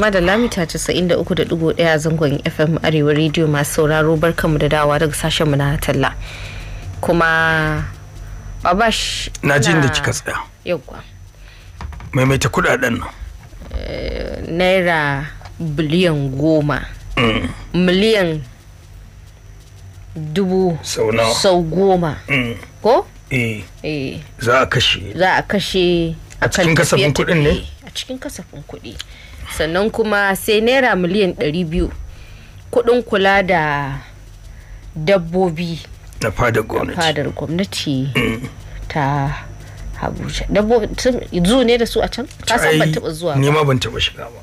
to da lamita 93.1 a zangon fm arewa Radio, masu sauraro barkanmu da dawa daga sashenmu na talla kuma babash na jin da kika tsaya yauwa maimaita kudaden nan eh, naira biliyan goma mm. miliyan dubu sau goma mm. ko? Eh. eh za a kashe za a kashe a cikin kasafin kudin ne? a cikin kasafin kudi sannan kuma sai naira miliyan 200 kudin kula da dabbobi na fadar gwamnati mm. ta abuja dabbobi zuwa ne da su a can kasan ban taba zuwa ba Nima ban taba shiga ba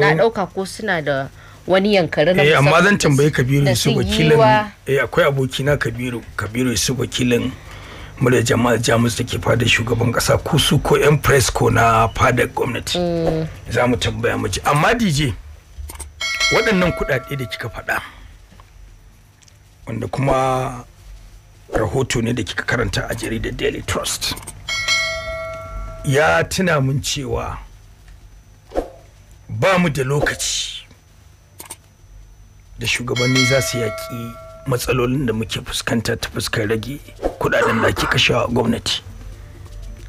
na dauka ko suna da wani yankari na eh, amma zan tambayi kabiru su wakilin eh, akwai abokina kabiru kabiru su wakilin murya jama'a jamus da ke fada shugaban kasa ko su ko yan press ko na fada gwamnati mm. za mu tambaya mu amma dj waɗannan kuɗaɗe da kika faɗa wanda kuma rahoto ne da kika karanta a jaridar daily trust ya tuna mun cewa ba mu da lokaci da shugabanni za su yaƙi matsalolin da muke fuskanta ta fuskar rage kudaden da ake kashewa gwamnati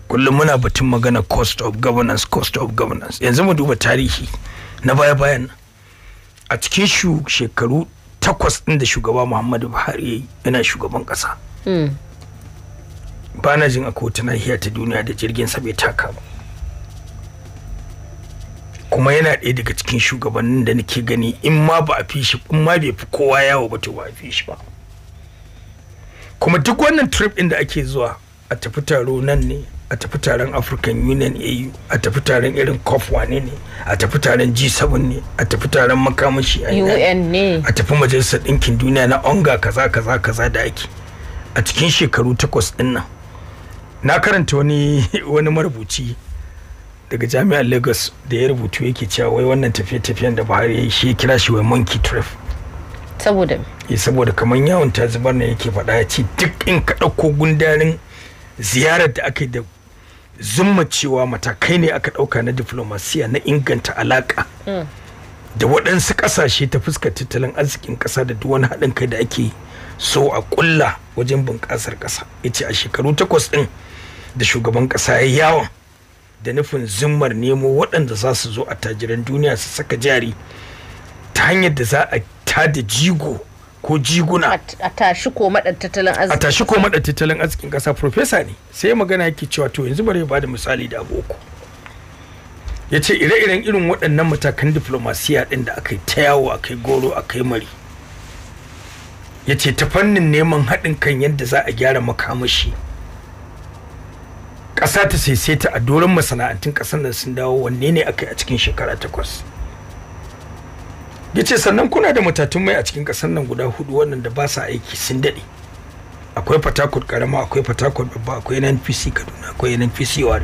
kullum muna batun magana cost of governance cost of governance yanzu mu duba tarihi na baya bayan a cikin shu shekaru takwas ɗin da shugaba muhammadu buhari yana shugaban ƙasa hmm. ba na jin akwai wata nahiya ta duniya da jirgin sa bai taka ba kuma yana ɗaya daga cikin shugabannin da nake gani in ma ba a fi shi in ma bai fi kowa yawo ba to ba a fi shi ba kuma duk wannan trip inda ake zuwa a tafi taro nan ne a tafi taron african union au a tafi taron irin cof wane ne a tafi taron g7 ne a tafi taron makamashi a un ne a tafi majalisar ɗinkin duniya na onga kaza kaza kaza da ake a cikin shekaru takwas ɗin nan na karanta wani wani marubuci daga jami'ar lagos da ya rubutu yake cewa wai wannan tafiye-tafiyen da buhari ya shi kira shi wai monkey trip saboda ya eh, saboda kamar yawon ta zubar ne yake faɗa ya ce duk in ka ɗauko gundarin ziyarar da aka yi da zumma cewa matakai ne aka ɗauka na diflomasiya na inganta alaƙa mm. da waɗansu ƙasashe ta fuska tattalin arzikin ƙasa da duwan haɗin kai da ake so a ƙulla wajen bunƙasar ƙasa ya ce a shekaru takwas ɗin da shugaban ƙasa ya yawon da nufin zummar nemo waɗanda za su zo a tajiran duniya su saka jari ta hanyar da za a ta da jigo ko jiguna a tashi ko maɗan tattalin arzikin a tashi ko ƙasa profesa ne sai magana yake cewa to yanzu bari ba da misali da aboko ya ce ire-iren irin waɗannan matakan diflomasiya ɗin da aka yi ta yawo aka goro aka yi mari ya ce ta fannin neman haɗin kan yadda za a gyara makamashi ƙasa ta saisaita a doron masana'antun ƙasar nan sun dawo wanne ne aka yi a cikin shekara takwas ya ce sannan kuna da matatun mai a cikin kasar nan guda hudu wannan da ba sa aiki sun daɗe akwai fatakot karama akwai fatakot babba akwai nnpc kaduna akwai nnpc wari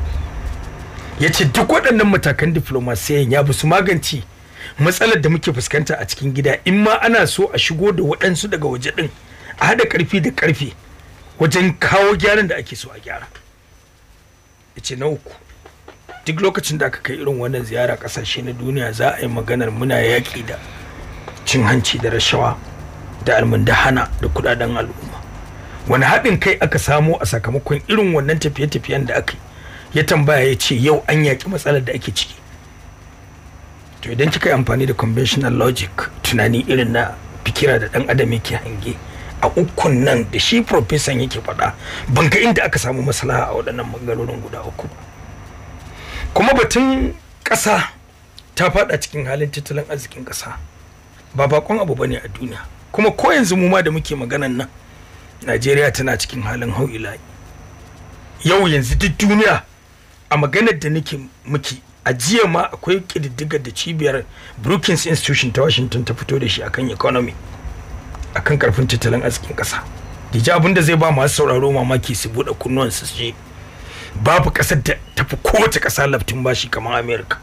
ya ce duk waɗannan matakan diflomasiyan ya su magance matsalar da muke fuskanta a cikin gida in ma ana so a shigo da waɗansu daga waje ɗin a haɗa ƙarfi da ƙarfe wajen kawo gyaran da ake so a gyara ya ce na uku duk lokacin da aka kai irin wannan ziyara ƙasashe na duniya za a yi maganar muna yaƙi da cin hanci da rashawa da almundahana da kudaden al'umma wani haɗin kai aka samu a sakamakon irin wannan tafiye-tafiyen da aka yi ya tambaya ya ce yau an yaƙi matsalar da ake ciki to idan kika yi amfani da conventional logic tunani irin na fikira da ɗan adam yake hange a ukun nan da shi profesan yake faɗa ban ga inda aka samu maslaha a waɗannan bangarorin guda uku kuma batun ƙasa ta faɗa cikin halin tattalin arzikin ƙasa ba bakon abu bane a duniya kuma ko yanzu mu ma da muke maganan nan najeriya tana cikin halin hau ilahi yau yanzu duk duniya a maganar da nake muke a jiya ma akwai kididdigar da cibiyar brookings institution ta washington ta fito da shi akan economy akan karfin tattalin arzikin ƙasa dija abin da zai ba masu sauraro mamaki su buɗe kunnuwansu su je babu ƙasar da tafi kowace ƙasa laftin bashi kamar america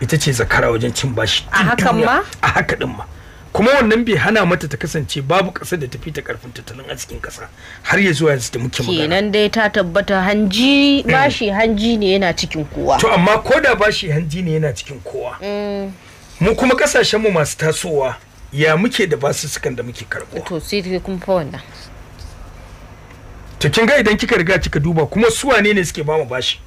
ita ce zakara wajen cin bashi a hakan ma a haka din ma kuma wannan bai hana mata ta kasance babu kasa da tafi ta karfin tattalin arzikin ƙasa har ya zuwa yanzu da muke magana kenan dai ta tabbata hanji eh. bashi hanji ne yana cikin kowa to amma ko da bashi hanji ne yana cikin kowa mm. mu kuma kasashen mu masu tasowa ya muke da basussukan da muke karbo to sai kun fa wannan to kin ga idan kika riga kika duba kuma su wane ne suke ba mu bashi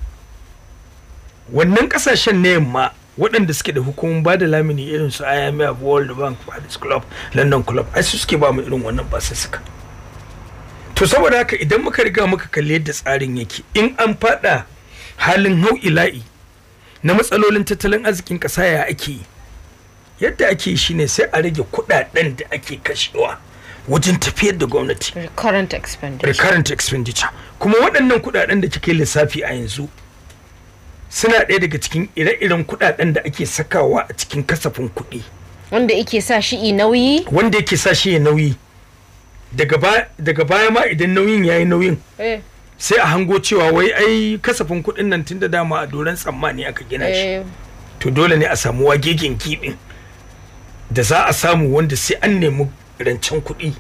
wannan kasashen ne ma. waɗanda suke da hukumomin ba da lamini irin su IMF World Bank Paris Club London Club ai su suke ba mu irin wannan ba suka to saboda haka idan muka riga muka kalli yadda tsarin yake in an fada halin hau hau'ila'i na matsalolin tattalin arzikin ƙasa ya ake yadda ake shi ne sai a rage kudaden da ake kashewa wajen tafiyar da gwamnati recurrent expenditure recurrent expenditure kuma waɗannan kudaden da kike lissafi a yanzu suna ɗaya daga cikin ire-iren kuɗaɗen da ake sakawa a cikin kasafin kuɗi wanda yake sa shi nauyi wanda yake sa shi nauyi daga baya ma idan nauyin ya yi nauyin eh. sai a hango cewa wai ai kasafin kuɗin nan tun da dama a doron tsammani aka gina shi eh. to dole ne a samu wagegen kiɓin da za a samu wanda sai an nemi rancen kuɗi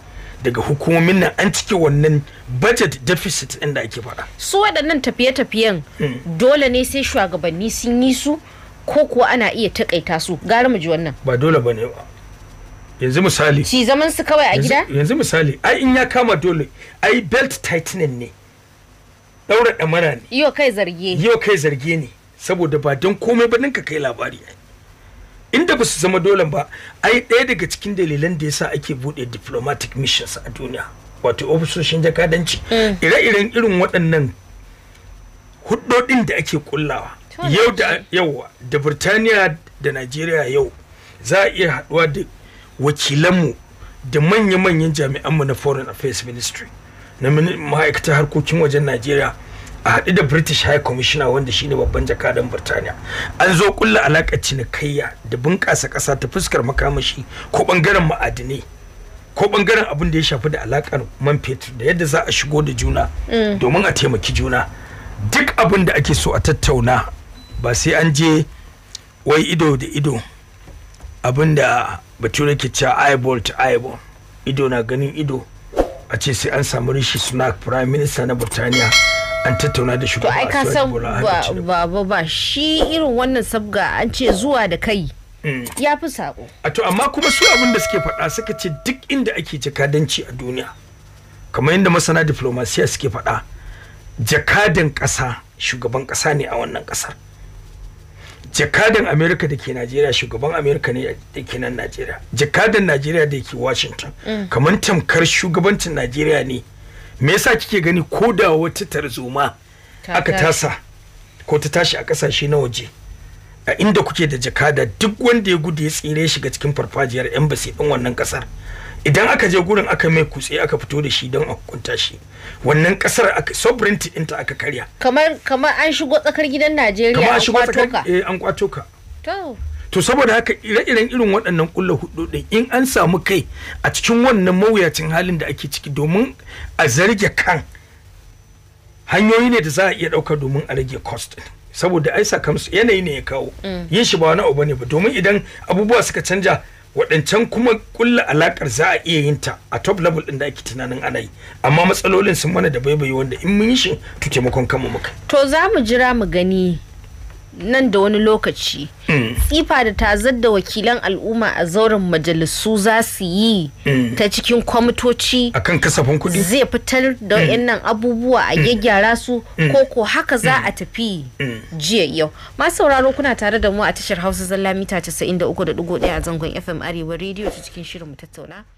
daga hukumomin nan an cike wannan budget deficit ɗin da ake faɗa. su waɗannan tafiye-tafiyen hmm. dole ne sai shugabanni sun yi su ko kuwa ana iya takaita su gara mu ji wannan ba dole ba ne ba yanzu misali ci zaman su kawai a gida yanzu misali ai in ya kama dole ai belt tightening ne Ɗaura ɗamara ne yau kai zarge yau kai zarge ne saboda ba don komai ba ninka kai labari ai inda ba su zama dole ba ai ɗaya daga cikin dalilan da yasa ake buɗe diplomatic missions a duniya wato ofisoshin jakadanci mm. ire-iren irin waɗannan hudodin da ake kullawa yau da yawa da birtaniya da najeriya yau za a iya haɗuwa da wakilanmu da manya-manyan jami'anmu na foreign affairs ministry na ma'aikatar harkokin wajen najeriya a haɗu da british high commissioner wanda shine babban jakadan birtaniya an zo kulla alaƙar cinikayya da bunƙasa ƙasa ta fuskar makamashi ko ɓangaren ma'adinai ko ɓangaren abin da ya shafi da alaƙar man fetur da yadda za a shigo da juna mm. domin a taimaki juna duk abin da ake so a tattauna ba sai an je wai ido da ido abin da bature ke cewa eyeball to eyeball ido na ganin ido a ce sai an samu rishi sunak prime minister na burtaniya an tattauna da shi a ai san ba ba shi irin wannan sabga an ce zuwa da kai mm. ya fi sako a to amma kuma su abin da suke faɗa suka ce duk inda ake jakadanci a duniya kamar yadda masana diplomasiya suke faɗa jakadan ƙasa shugaban ƙasa ne a wannan ƙasar jakadan amerika da ke najeriya shugaban amerika ne da ke nan najeriya jakadan najeriya da ke washington mm. kamar tamkar shugabancin najeriya ne me yasa kike gani ko da wata tarzoma aka tasa ko ta tashi a kasashe na waje a inda kuke da jakada duk wanda ya gudu ya tsire shiga cikin farfajiyar embassy din wannan kasar idan aka je gurin aka mai kutse aka fito da shi don a hukunta shi wannan kasar aka sovereignty ɗinta aka karya kamar an shigo tsakar gidan Najeriya eh, an kwato ka to saboda haka ire-iren irin waɗannan ƙulla hudu ɗin in an samu kai a cikin wannan mawuyacin halin da ake ciki domin a zarge kan hanyoyi ne da za a iya ɗauka domin a rage cost saboda ai sakamsu yanayi ne ya kawo mm. yin shi ba wani abu ne ba domin idan abubuwa suka canja waɗancan kuma ƙulla alaƙar za a iya yin ta a top level ɗin da ake tunanin ana yi amma matsalolin sun mana da baibayi wanda in mun yi shi to taimakon kanmu muka to za mu jira mu gani nan da wani lokaci mm. tsifa da tazar da wakilan al'umma a zauren majalisu za su yi mm. ta cikin kwamitoci akan kasafin kuɗi zai fitar da mm. wayannan abubuwa a gyaggyara su ko ko haka za a tafi jiya yau masu sauraro kuna tare da mu a tashar hausa zalla mita 93.1 a zangon fm arewa rediyo ta cikin shirin mu tattauna